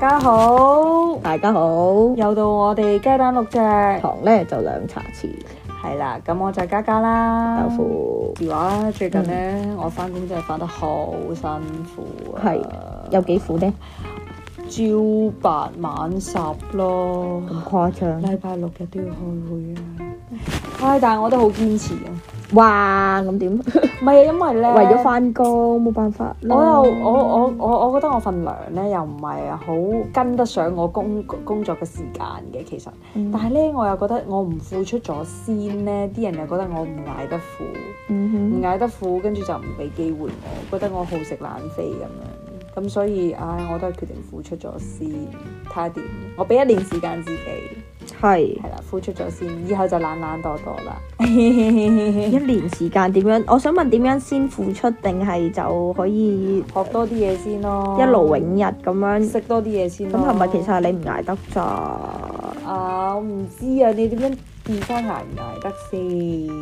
大家好，大家好，又到我哋雞蛋六隻糖咧，就兩茶匙。係啦，咁我就加加啦。有苦腐，話最近咧，嗯、我返工真係返得好辛苦啊。係，有幾苦咧？朝八晚十咯，咁誇張？禮拜 六日都要開會啊！唉，但係我都好堅持啊。哇咁點？唔係啊， 因為咧 為咗翻工冇辦法我。我又我我我我覺得我份糧咧又唔係好跟得上我工、嗯、工作嘅時間嘅其實，但係咧我又覺得我唔付出咗先咧，啲人又覺得我唔捱得苦，唔捱得苦，跟住就唔俾機會我，覺得我好食懶飛咁樣，咁所以唉，我都係決定付出咗先，睇下點，我俾一年時間自己。係，係啦，付出咗先，以後就懶懶多多啦。 一年時間點樣？我想問點樣先付出，定係就可以學多啲嘢先咯？一勞永逸咁樣，識多啲嘢先。咁係咪其實係你唔挨得咋？啊，我唔知啊，你點樣 define 挨唔挨得先？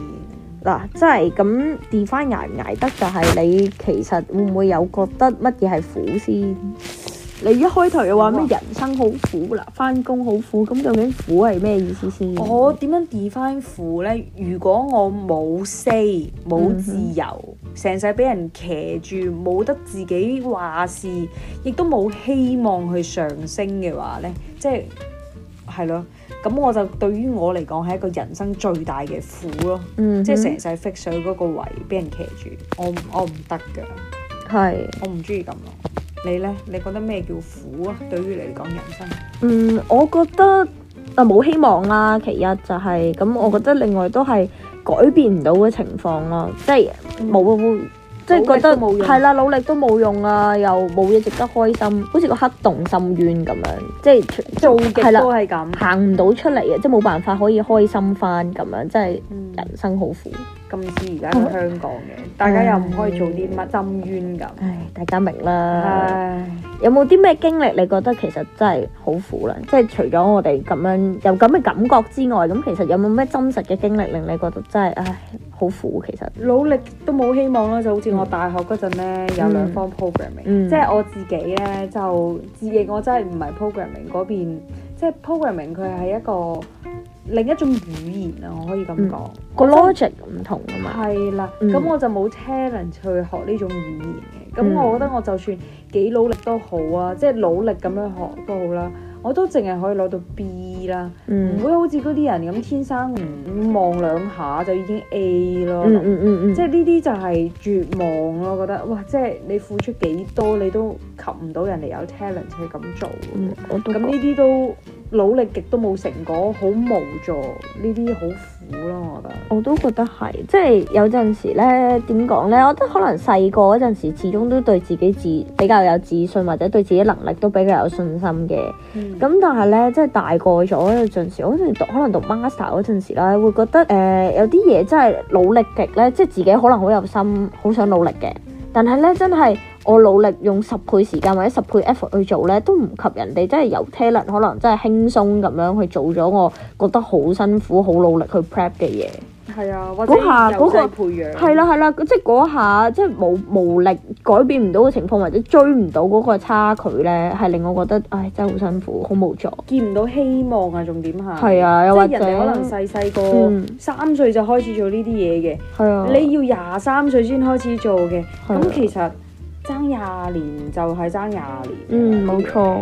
嗱、啊，即係咁 define 挨唔挨得，就係、是、你其實會唔會有覺得乜嘢係苦先？你一開頭又話咩人生好苦啦，翻工好苦，咁究竟苦係咩意思先？我點樣 define 苦呢？如果我冇 say，冇、mm hmm. 自由，成世俾人騎住，冇得自己話事，亦都冇希望去上升嘅話呢？即係係咯，咁我就對於我嚟講係一個人生最大嘅苦咯。Mm hmm. 即係成世 fix 嗰、er、個位，俾人騎住，我我唔得噶，係，我唔中意咁咯。是你咧，你覺得咩叫苦啊？對於你嚟講，人生嗯，我覺得啊冇希望啦、啊。其一就係、是、咁，我覺得另外都係改變唔到嘅情況咯、啊。即係冇，嗯、即係覺得係啦，努力都冇用啊，又冇嘢值得開心，好似個黑洞深淵咁樣。即係做嘅，都係咁，行唔到出嚟嘅，即係冇辦法可以開心翻咁樣，真係人生好苦。唔知而家喺香港嘅，唉，大家又唔可以做啲乜針冤咁。唉，大家明啦。唉，有冇啲咩經歷？你覺得其實真係好苦啦。即係除咗我哋咁樣有咁嘅感覺之外，咁其實有冇咩真實嘅經歷令你覺得真係唉好苦？其實努力都冇希望啦。就好似我大學嗰陣咧，嗯、有兩方 programming，即係、嗯、我自己咧就自認我真係唔係 programming 嗰邊，即係 programming 佢係一個。另一種語言啊，我可以咁講，個 logic 唔同啊嘛。係啦，咁我就冇 talent 去學呢種語言嘅。咁我覺得我就算幾努力都好啊，即係努力咁樣學都好啦，我都淨係可以攞到 B 啦，唔會好似嗰啲人咁天生唔望兩下就已經 A 咯。即係呢啲就係絕望咯，我覺得哇，即係你付出幾多你都及唔到人哋有 talent 去咁做。嗯，咁呢啲都。努力極都冇成果，好無助，呢啲好苦咯，我覺得。我都覺得係，即係有陣時咧，點講咧？我覺得可能細個嗰陣時，始終都對自己自比較有自信，或者對自己能力都比較有信心嘅。咁、嗯、但係咧，即係大個咗有陣時，好似讀可能讀 master 嗰陣時啦，會覺得誒、呃、有啲嘢真係努力極咧，即係自己可能好有心，好想努力嘅，但係咧真係。我努力用十倍時間或者十倍 effort 去做呢，都唔及人哋，真係有 talent，可能真係輕鬆咁樣去做咗。我覺得好辛苦，好努力去 prep 嘅嘢。係啊，嗰下嗰、嗰個係啦係啦，即係嗰下即係無無力改變唔到嘅情況，或者追唔到嗰個差距呢，係令我覺得唉，真係好辛苦，好無助，見唔到希望啊，重點嚇？係啊，又或者人哋可能細細個三歲就開始做呢啲嘢嘅，啊，你要廿三歲先開始做嘅，咁、啊、其實。爭廿年就係爭廿年，就是、年嗯，冇錯，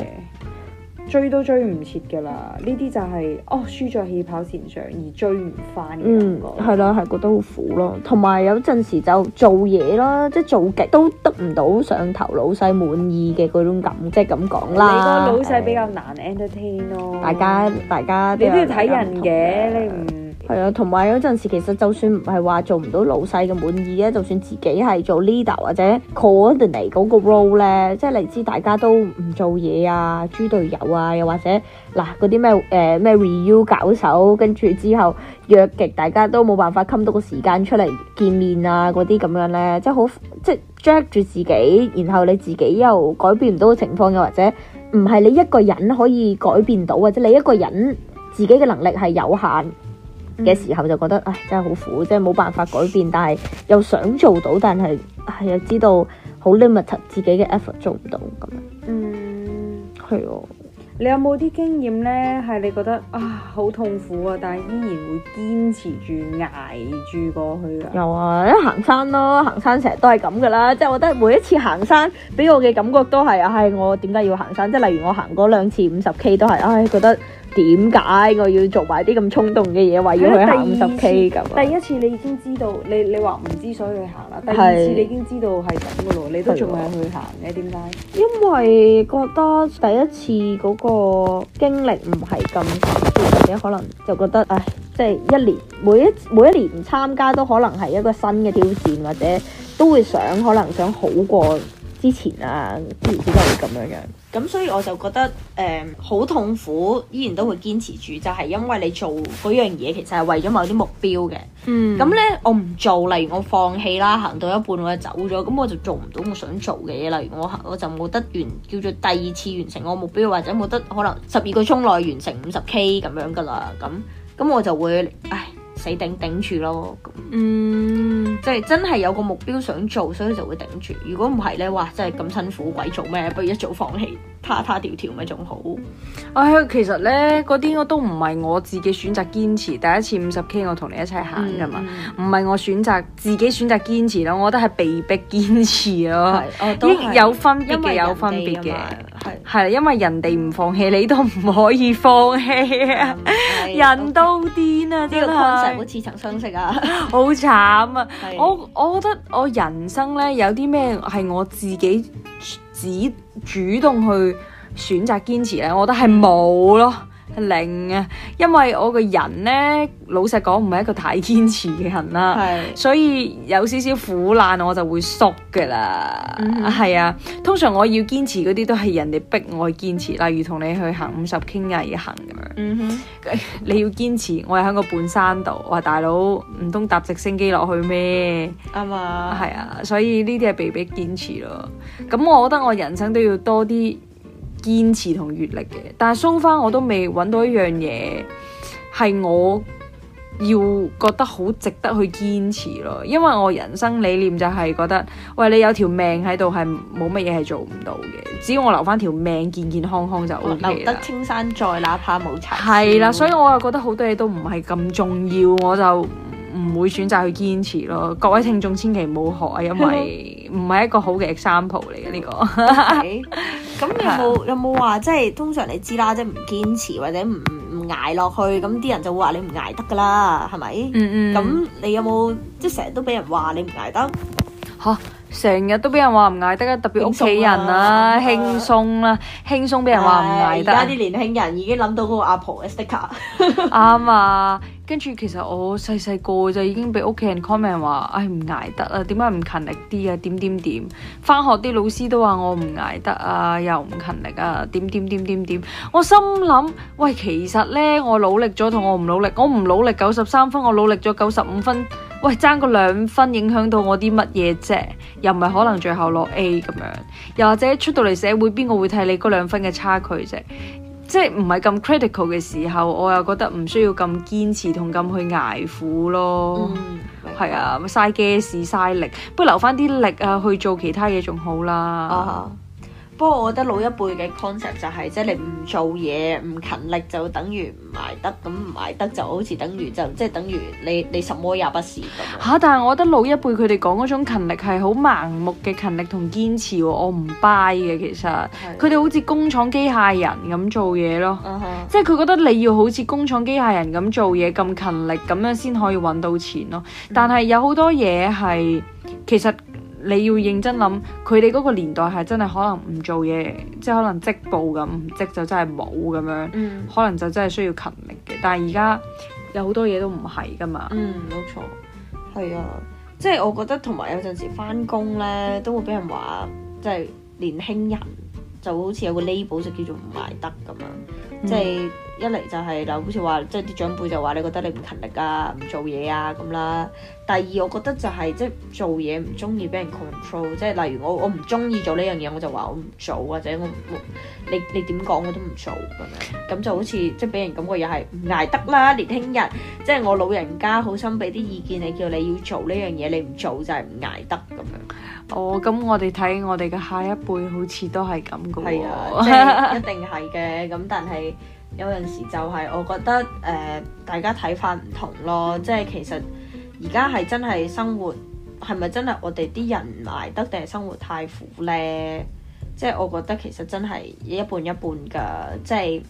追都追唔切噶啦。呢啲就係、是、哦，輸在起跑線上而追唔翻嘅，嗯，係啦，係覺得好苦咯。同埋有陣時就做嘢啦，即係做極都得唔到上頭老細滿意嘅嗰種感覺，即係咁講啦。你個老細比較難 entertain 咯的、哦，大家大家你都要睇人嘅，人你唔。係啊，同埋有陣時，其實就算唔係話做唔到老細嘅滿意啊，就算自己係做 leader 或者 coordinate 嗰個 role 咧，即係你知大家都唔做嘢啊，豬隊友啊，又或者嗱嗰啲咩誒咩 review 搞手，跟住之後約極大家都冇辦法冚到個時間出嚟見面啊，嗰啲咁樣咧，即係好即係 drap 住自己，然後你自己又改變唔到個情況，又或者唔係你一個人可以改變到，或者你一個人自己嘅能力係有限。嘅時候就覺得，唉，真係好苦，即係冇辦法改變，但係又想做到，但係，唉，又知道好 limit 自己嘅 effort 做唔到咁樣。嗯，係咯。你有冇啲經驗呢？係你覺得啊，好痛苦啊，但係依然會堅持住捱住過去啊？有啊，行山咯，行山成日都係咁噶啦。即係我覺得每一次行山，俾我嘅感覺都係，唉，我點解要行山？即係例如我行過兩次五十 K 都係，唉，覺得。點解我要做埋啲咁衝動嘅嘢，話要去行十 K 咁？第一次你已經知道，你你話唔知所以去行啦。第二次你已經知道係咁嘅咯喎，的你仲係去行嘅？點解？因為覺得第一次嗰個經歷唔係咁成功，或者可能就覺得唉，即係一年每一每一年參加都可能係一個新嘅挑戰，或者都會想可能想好過。之前啊，之前都係咁樣樣咁，所以我就覺得誒好、嗯、痛苦，依然都會堅持住，就係、是、因為你做嗰樣嘢，其實係為咗某啲目標嘅。嗯，咁呢我唔做，例如我放棄啦，行到一半我就走咗，咁我就做唔到我想做嘅嘢。例如我我就冇得完叫做第二次完成我目標，或者冇得可能十二個鐘內完成五十 K 咁樣噶啦。咁咁我就會唉。死頂頂住咯，嗯，即係真係有個目標想做，所以就會頂住。如果唔係呢，哇，真係咁辛苦，鬼做咩？不如一早放棄，垮垮條條咪仲好。唉、哎，其實呢，嗰啲我都唔係我自己選擇堅持。第一次五十 K，我同你一齊行噶嘛，唔係、嗯、我選擇，自己選擇堅持咯。我覺得係被逼堅持咯、啊，有分別，亦有分別嘅。係，係因為人哋唔放棄，你都唔可以放棄、嗯、 啊！人都癲啊，真係呢個關係好似曾相識啊， 好慘啊！的我我覺得我人生咧有啲咩係我自己只主動去選擇堅持咧，我覺得係冇咯。係啊，因為我個人呢，老實講唔係一個太堅持嘅人啦，是所以有少少苦難我就會縮噶啦，係、嗯、哼啊，通常我要堅持嗰啲都係人哋逼我堅持，例如同你去行五十傾嘅行咁樣，嗯、哼 你要堅持，我係喺個半山度，我話大佬唔通搭直升機落去咩？啊嘛、嗯哼，係啊，所以呢啲係被迫堅持咯，咁、嗯、哼我覺得我人生都要多啲堅持同閲歷嘅，但係 so far 我都未揾到一樣嘢係我要覺得好值得去堅持咯，因為我人生理念就係覺得，喂你有條命喺度係冇乜嘢係做唔到嘅，只要我留翻條命健健康康就 OK 啦。哦、留得青山在，哪怕冇柴。係啦，所以我又覺得好多嘢都唔係咁重要，我就唔會選擇去堅持咯。各位聽眾千祈唔好學啊，因為唔係一個好嘅 example 嚟嘅呢 個,個。Okay. 咁你有冇有冇話嗎，即係通常你知啦，即係唔堅持或者唔唔捱落去，咁啲人就會話你唔捱得噶啦，係咪？嗯嗯。咁你有冇即係成日都俾人話你唔捱得？嚇、啊！成日都俾人話唔捱得啊，特別屋企人啦、啊啊啊，輕鬆啦，輕鬆俾人話唔捱得。而家啲年輕人已經諗到嗰個阿婆 sticker，啱 啊。跟住，其實我細細個就已經俾屋企人 comment 話，唉唔捱得啊，點解唔勤力啲啊？點點點，返學啲老師都話我唔捱得啊，又唔勤力啊，點點點點點。我心諗，喂，其實呢，我努力咗同我唔努力，我唔努力九十三分，我努力咗九十五分，喂，爭個兩分影響到我啲乜嘢啫？又唔係可能最後攞 A 咁樣，又或者出到嚟社會，邊個會睇你嗰兩分嘅差距啫？即係唔係咁 critical 嘅時候，我又覺得唔需要咁堅持同咁去捱苦咯。係、嗯、啊，嘥氣嘥力，不如留翻啲力啊去做其他嘢仲好啦。啊。不過我覺得老一輩嘅 concept 就係、是，即、就、係、是、你唔做嘢唔勤力就等於唔捱得，咁唔捱得就好似等於就即係、就是、等於你你什麼也不是咁、啊。但係我覺得老一輩佢哋講嗰種勤力係好盲目嘅勤力同堅持喎、哦，我唔 buy 嘅其實。係。佢哋的好似工廠機械人咁做嘢咯，uh huh. 即係佢覺得你要好似工廠機械人咁做嘢咁勤力咁樣先可以揾到錢咯。嗯、但係有好多嘢係其實。你要認真諗，佢哋嗰個年代係真係可能唔做嘢，即係可能織布咁，織就真係冇咁樣，嗯、可能就真係需要勤力嘅。但係而家有好多嘢都唔係㗎嘛，嗯，冇錯，係啊，即係我覺得同埋有陣時返工咧都會俾人話，即係年輕人就好似有個 label 就叫做唔捱得咁樣，嗯、即係。一嚟就係、是、嗱，好似話即係啲長輩就話你覺得你唔勤力啊，唔做嘢啊咁啦。第二我覺得就係、是、即係做嘢唔中意俾人 control，即係例如我我唔中意做呢樣嘢，我就話我唔做或者我，我你你點講我都唔做咁樣，咁就好似即係俾人感覺又係唔捱得啦，年輕人，即係我老人家好心俾啲意見你，叫你要做呢樣嘢，你唔做就係唔捱得咁樣。哦，咁我哋睇我哋嘅下一輩好似都係咁嘅喎，即一定係嘅。咁 但係。有陣時就係我覺得誒、呃，大家睇法唔同咯，即係其實而家係真係生活係咪真係我哋啲人捱得定係生活太苦咧？即係我覺得其實真係一半一半㗎，即係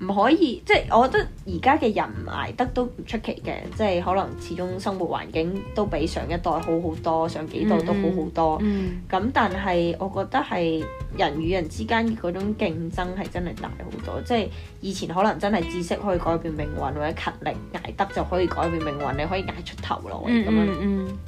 唔可以。即係我覺得而家嘅人捱得都唔出奇嘅，即係可能始終生活環境都比上一代好好多，上幾代都好好多。咁。嗯嗯。但係我覺得係人與人之間嗰種競爭係真係大好多。即係以前可能真係知識可以改變命運，或者勤力捱得就可以改變命運，你可以捱出頭來。嗯嗯嗯。嗯嗯。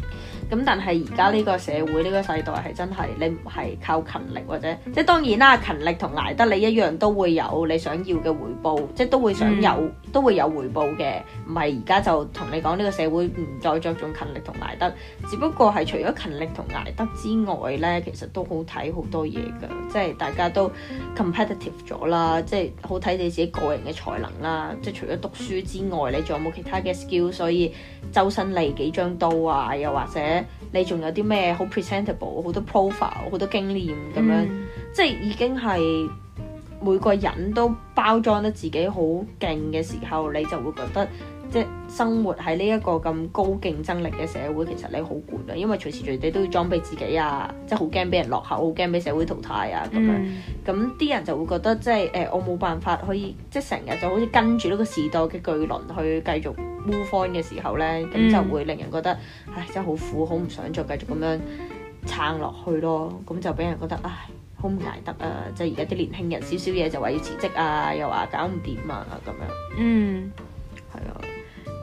咁但係而家呢個社會呢、這個世代係真係你唔係靠勤力或者即係當然啦、啊、勤力同挨得你一樣都會有你想要嘅回報，即係都會想有、嗯、都會有回報嘅。唔係而家就同你講呢個社會唔再着重勤力同挨得，只不過係除咗勤力同挨得之外咧，其實都好睇好多嘢㗎。即係大家都 competitive 咗啦，即係好睇你自己個人嘅才能啦。即係除咗讀書之外，你仲有冇其他嘅 skill？所以周身利幾張刀啊，又或者～你仲有啲咩好 presentable，好多 profile，好多經驗咁、嗯、樣，即係已經係每個人都包裝得自己好勁嘅時候，你就會覺得。即係生活喺呢一個咁高競爭力嘅社會，其實你好攰啊，因為隨時隨地都要裝備自己啊，即係好驚俾人落後，好驚俾社會淘汰啊咁樣、嗯、樣。咁啲人就會覺得即係誒、呃，我冇辦法可以即係成日就好似跟住呢個時代嘅巨輪去繼續 move on 嘅時候咧，咁、嗯、就會令人覺得唉，真係好苦，好唔想再繼續咁樣撐落去咯。咁就俾人覺得唉，好唔捱得啊！即係而家啲年輕人少少嘢就話要辭職啊，又話搞唔掂啊咁樣。嗯，係啊。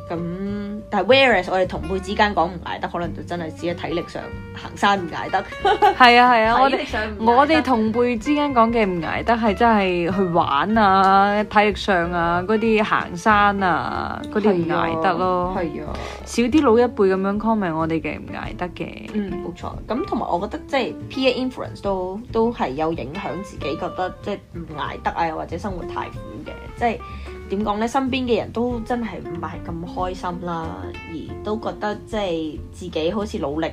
咁，但係 whereas 我哋同輩之間講唔捱得，可能就真係只係體力上行山唔捱得。係啊係啊，啊我哋我哋同輩之間講嘅唔捱得係真係去玩啊，體力上啊嗰啲行山啊嗰啲唔捱得咯。係啊，啊少啲老一輩咁樣 comment 我哋嘅唔捱得嘅。嗯，冇錯。咁同埋，我覺得即係、就是、peer influence 都都係有影響自己覺得即係唔捱得啊，嗯、或者生活太苦嘅，即、就、係、是。點講咧？身邊嘅人都真係唔係咁開心啦，而都覺得即係自己好似努力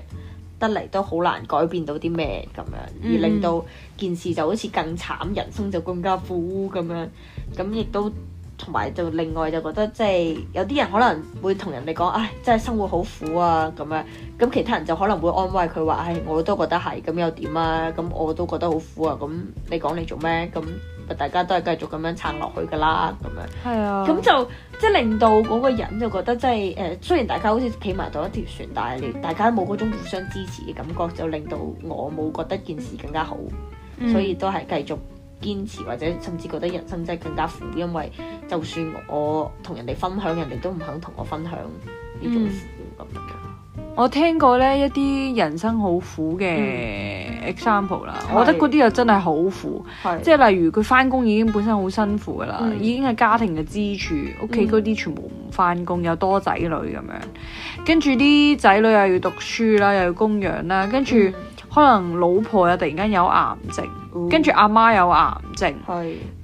得嚟，都好難改變到啲咩咁樣，而令到件事就好似更慘，人生就更加苦咁樣。咁亦都同埋就另外就覺得即係有啲人可能會同人哋講，唉、哎，真係生活好苦啊咁樣。咁其他人就可能會安慰佢話，唉、哎，我都覺得係，咁又點啊？咁我都覺得好苦啊。咁你講你做咩咁？大家都係繼續咁樣撐落去㗎啦，咁樣，係啊，咁就即係、就是、令到嗰個人就覺得即係誒，雖然大家好似企埋到一條船，但係你大家冇嗰種互相支持嘅感覺，就令到我冇覺得件事更加好，嗯、所以都係繼續堅持，或者甚至覺得人生真係更加苦，因為就算我同人哋分享，人哋都唔肯同我分享呢種苦咁、嗯、樣。我聽過咧一啲人生好苦嘅 example 啦，嗯、我覺得嗰啲又真係好苦，是即係例如佢翻工已經本身好辛苦噶啦，嗯、已經係家庭嘅支柱，屋企嗰啲全部唔翻工，又多仔女咁樣，跟住啲仔女又要讀書啦，又要供養啦，跟住、嗯。可能老婆又突然間有癌症，跟住阿媽有癌症，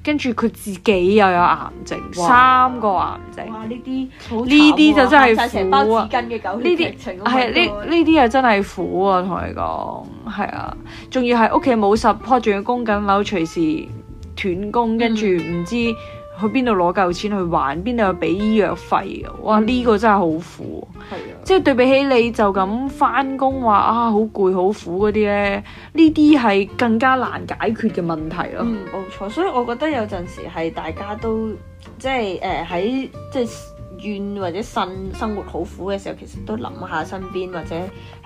跟住佢自己又有癌症，哇三個癌症。哇！呢啲呢啲就真係苦啊！成包紙巾嘅狗血劇情。係呢呢啲係真係苦啊！同你講係啊，仲要係屋企冇 support，仲要供緊樓，隨時斷供，跟住唔知。去邊度攞夠錢去還？邊度要俾醫藥費嘅？哇！呢、嗯、個真係好苦，係啊，即係對比起你就咁翻工，話啊好攰好苦嗰啲咧，呢啲係更加難解決嘅問題咯。冇、嗯、錯，所以我覺得有陣時係大家都即係誒喺即係怨或者呻生，生活好苦嘅時候，其實都諗下身邊或者。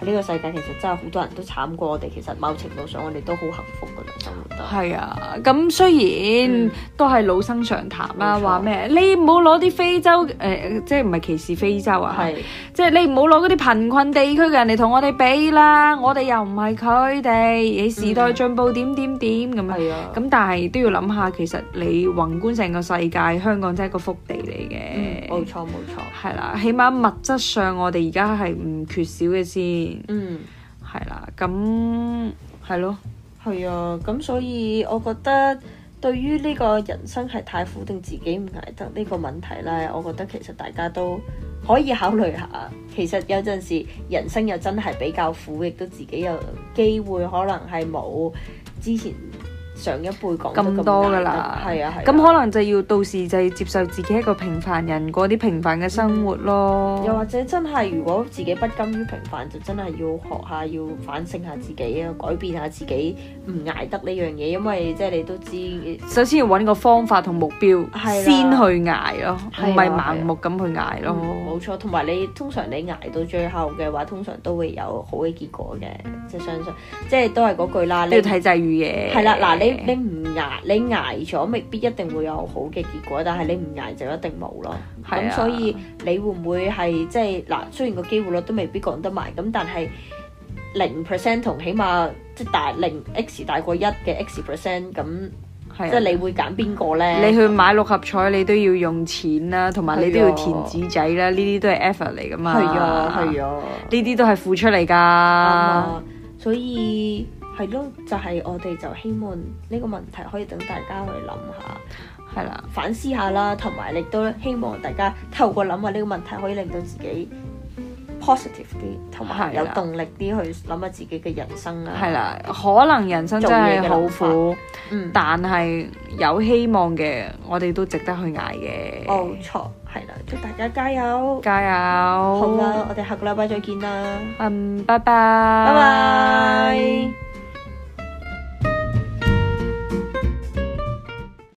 呢個世界其實真係好多人都慘過我哋，其實某程度上我哋都好幸福噶啦，覺得。係啊，咁雖然、嗯、都係老生常談啦，話咩錯？你唔好攞啲非洲誒、呃，即係唔係歧視非洲啊？係、嗯，是即係你唔好攞嗰啲貧困地區嘅人嚟同我哋比啦，嗯、我哋又唔係佢哋。你時代進步點點點咁啊？咁但係都要諗下，其實你宏觀成個世界，香港真係一個福地嚟嘅。冇錯、嗯，冇錯。係啦，起碼物質上我哋而家係唔缺少嘅先。嗯，係啦，咁係咯，係啊，咁所以我覺得對於呢個人生係太苦定自己唔捱得呢個問題呢，我覺得其實大家都可以考慮下，其實有陣時人生又真係比較苦，亦都自己有機會可能係冇之前。上一輩講咁多噶啦，係啊係。咁可能就要到時就要接受自己一個平凡人過啲平凡嘅生活咯。又或者真係如果自己不甘於平凡，就真係要學下要反省下自己啊，改變下自己唔捱得呢樣嘢，因為即係你都知，首先要揾個方法同目標先去捱咯，唔係盲目咁去捱咯。冇錯，同埋你通常你捱到最後嘅話，通常都會有好嘅結果嘅，即係相信，即係都係嗰句啦。你要睇際遇嘅。係啦，嗱。你你唔捱，你捱咗未必一定會有好嘅結果，但係你唔捱就一定冇咯。咁、啊、所以你會唔會係即係嗱？雖然個機會率都未必講得埋，咁但係零 percent 同起碼即係、就是、大零 x 大過一嘅 x percent 咁，即係你會揀邊個呢、啊？你去買六合彩，你都要用錢啦，同埋你都要填紙仔啦，呢啲、啊、都係 effort 嚟㗎嘛。係啊，係啊，呢啲都係付出嚟㗎、啊。所以。係咯，就係、是、我哋就希望呢個問題可以等大家去諗下，係啦的反思下啦，同埋亦都希望大家透過諗下呢個問題，可以令到自己 positive 啲，同埋有，有動力啲去諗下自己嘅人生啦。係啦，可能人生真係好苦，嗯、但係有希望嘅，我哋都值得去挨嘅。冇錯、哦，係啦，祝大家加油！加油！好啦，我哋下個禮拜再見啦。嗯，拜拜！拜拜！